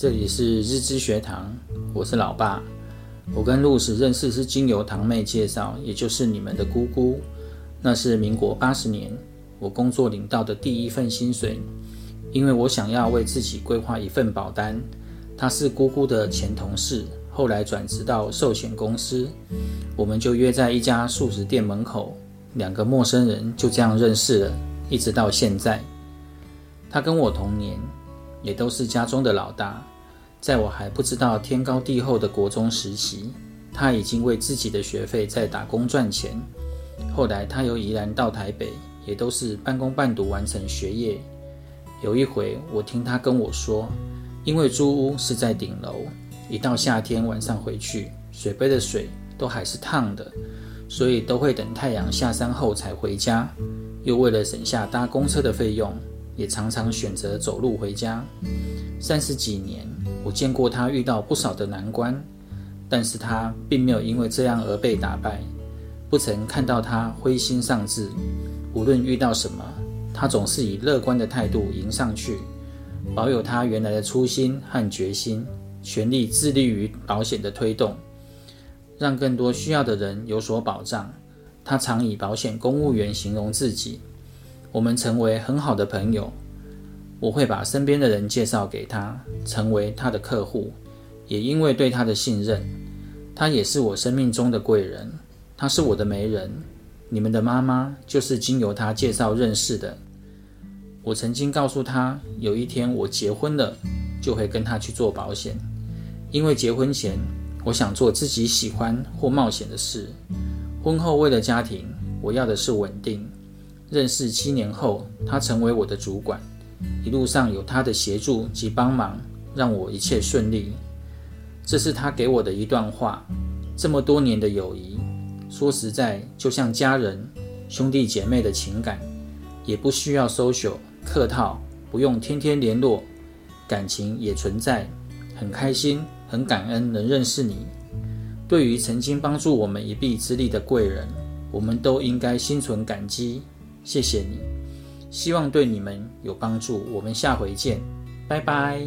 這裡是日之學堂，我是老爸。我跟露絲認識是經由堂妹介紹，也就是你們的姑姑。那是民國八十年，我工作領到的第一份薪水，因為我想要為自己規劃一份保單。她是姑姑的前同事，後來轉職到壽險公司。我們就約在一家速食店門口，兩個陌生人就這樣認識了，一直到現在。她跟我同年。也都是家中的老大，在我還不知道天高地厚的國中時期，她已經為自己的學費在打工賺錢。後來她由宜蘭到台北，也都是半工半讀完成學業。有一回，我聽她跟我說，因為租屋是在頂樓，一到夏天晚上回去，水杯的水都還是燙的，所以都會等太陽下山後才回家，又為了省下搭公車的費用。也常常選擇走路回家。三十幾年，我見過他遇到不少的難關，但是他並沒有因為這樣而被打敗，不曾看到他灰心喪志。無論遇到什麼，他總是以樂觀的態度迎上去，保有他原來的初心和決心，全力致力於保險的推動，讓更多需要的人有所保障。他常以保險公務員形容自己。我們成為很好的朋友，我會把身邊的人介紹給她，成為她的客戶。也因為對她的信任，她也是我生命中的貴人。她是我的媒人，你們的媽媽就是經由她介紹認識的。我曾經告訴她，有一天我結婚了，就會跟她去做保險。因為結婚前，我想做自己喜歡或冒險的事；婚後為了家庭，我要的是穩定。認識七年後，她成為我的主管，一路上有她的協助及幫忙，讓我一切順利。這是她給我的一段話。這麼多年的友誼，說實在就像家人、兄弟姐妹的情感，也不需要 social 客套，不用天天聯絡，感情也存在。很開心，很感恩能認識你。對於曾經幫助我們一臂之力的貴人，我們都應該心存感激。謝謝你，希望對你們有幫助。我們下回見，拜拜。